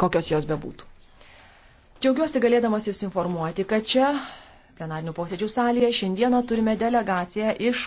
kokios jos bebūtų. Džiaugiuosi galėdamas Jūs informuoti, kad čia plenarnių posėdžių salėje šiandieną turime delegaciją iš